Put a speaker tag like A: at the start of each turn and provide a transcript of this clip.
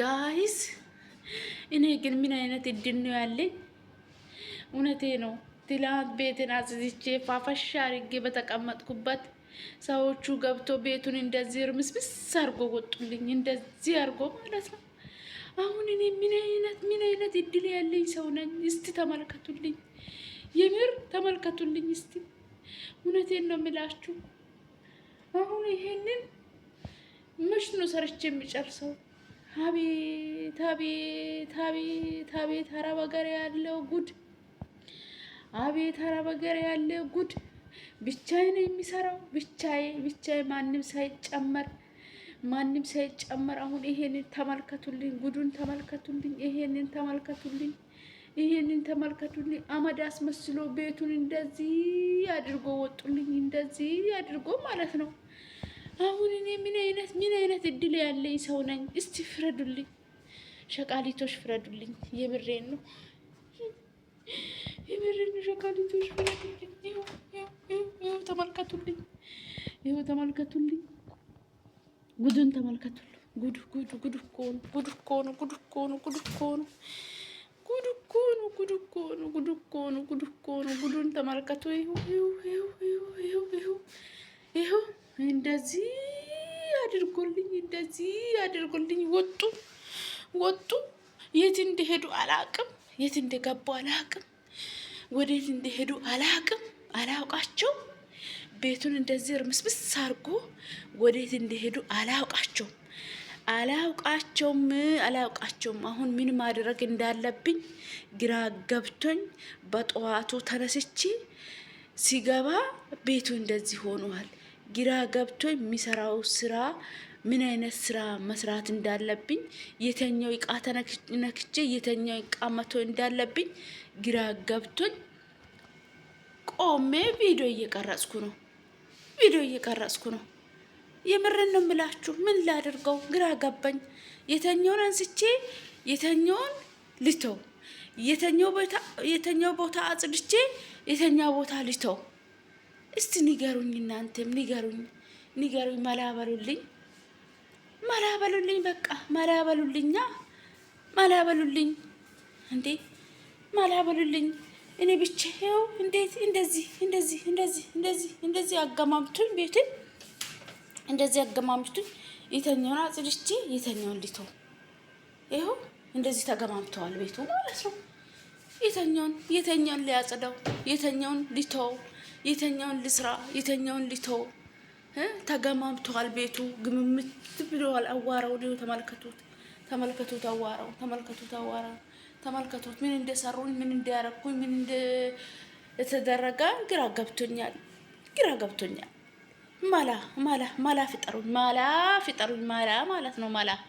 A: ጋይስ እኔ ግን ምን አይነት እድል ነው ያለኝ? እውነቴ ነው። ትላንት ቤትን አጽዝቼ ፋፈሻ አርጌ በተቀመጥኩበት ሰዎቹ ገብቶ ቤቱን እንደዚህ እርምስምስ አርጎ ወጡልኝ። እንደዚህ አርጎ ማለት ነው። አሁን እኔ ምን አይነት ምን አይነት እድል ያለኝ ሰው ነኝ? እስቲ ተመልከቱልኝ፣ የምር ተመልከቱልኝ እስቲ። እውነቴን ነው የምላችሁ። አሁን ይሄንን መች ነው ሰርቼ የሚጨርሰው? አቤት አቤት አቤት አቤት አረብ ሀገር ያለው ጉድ! አቤት አረብ ሀገር ያለው ጉድ! ብቻዬ ነው የሚሰራው። ብቻዬ ብቻዬ፣ ማንም ሳይጨመር ማንም ሳይጨመር። አሁን ይሄንን ተመልከቱልኝ፣ ጉዱን ተመልከቱልኝ፣ ይሄንን ተመልከቱልኝ፣ ይሄንን ተመልከቱልኝ። አመድ አስመስሎ ቤቱን እንደዚህ አድርጎ ወጡልኝ፣ እንደዚህ አድርጎ ማለት ነው። አሁን እኔ ምን አይነት ምን አይነት እድል ያለኝ ሰው ነኝ? እስቲ ፍረዱልኝ፣ ሸቃሊቶች ፍረዱልኝ። የምሬን ነው፣ የምሬን ነው። ሸቃሊቶች ፍረዱልኝ። ይኸው ተመልከቱልኝ፣ ይኸው ተመልከቱልኝ። ጉዱን ተመልከቱልኝ። ጉዱ ጉዱ ጉዱ እኮ ነው፣ ጉዱ እኮ ነው፣ ጉዱ እኮ ነው፣ ጉዱ እኮ ነው፣ ጉዱ እኮ ነው፣ ጉዱ እኮ ነው፣ ጉዱ እኮ ነው፣ ጉዱ እኮ ነው። ጉዱን ተመልከቱ። ይኸው ይኸው ይኸው ይኸው ይኸው ይኸው እንደዚህ አድርጎልኝ እንደዚህ አድርጎልኝ ወጡ ወጡ። የት እንደሄዱ አላቅም፣ የት እንደገቡ አላቅም፣ ወዴት እንደሄዱ አላቅም፣ አላውቃቸው። ቤቱን እንደዚህ እርምስምስ አድርጎ ወዴት እንደሄዱ አላውቃቸውም አላውቃቸውም አላውቃቸውም። አሁን ምን ማድረግ እንዳለብኝ ግራ ገብቶኝ በጠዋቱ ተነስቼ ሲገባ ቤቱ እንደዚህ ሆኗል። ግራ ገብቶ የሚሰራው ስራ ምን አይነት ስራ መስራት እንዳለብኝ፣ የተኛው እቃ ተነክቼ የተኛው እቃ መቶ እንዳለብኝ ግራ ገብቶኝ ቆሜ ቪዲዮ እየቀረጽኩ ነው። ቪዲዮ እየቀረጽኩ ነው። የምርን ነው የምላችሁ። ምን ላድርገው? ግራ ገባኝ። የተኛውን አንስቼ የተኛውን ልተው፣ የተኛው ቦታ አጽድቼ የተኛ ቦታ ልተው እስቲ ንገሩኝ፣ እናንተም ንገሩኝ፣ ንገሩኝ። መላበሉልኝ፣ መላበሉልኝ፣ በቃ መላበሉልኛ፣ መላበሉልኝ፣ እንዴ መላበሉልኝ። እኔ ብቻዬው እንዴት እንደዚህ እንደዚህ እንደዚህ እንደዚህ እንደዚህ አገማምቱኝ፣ ቤትን እንደዚህ አገማምቱኝ። የተኛውን አጽድቼ የተኛውን ልቶ ይኸው እንደዚህ ተገማምተዋል ቤቱ ማለት ነው። የተኛውን የተኛውን ሊያጽደው የተኛውን ሊተው የተኛውን ልስራ፣ የተኛውን ልቶ ተገማምተዋል። ቤቱ ግምምት ብለዋል። አዋራው ሊሆ ተመልከቱት፣ ተመልከቱት፣ አዋራው ተመልከቱት፣ አዋራ ተመልከቱት። ምን እንደሰሩኝ፣ ምን እንዲያረኩኝ፣ ምን እንደተደረገ ግራ ገብቶኛል፣ ግራ ገብቶኛል። ማላ ማላ ማላ ፍጠሩኝ፣ ማላ ፍጠሩኝ፣ ማላ ማለት ነው ማላ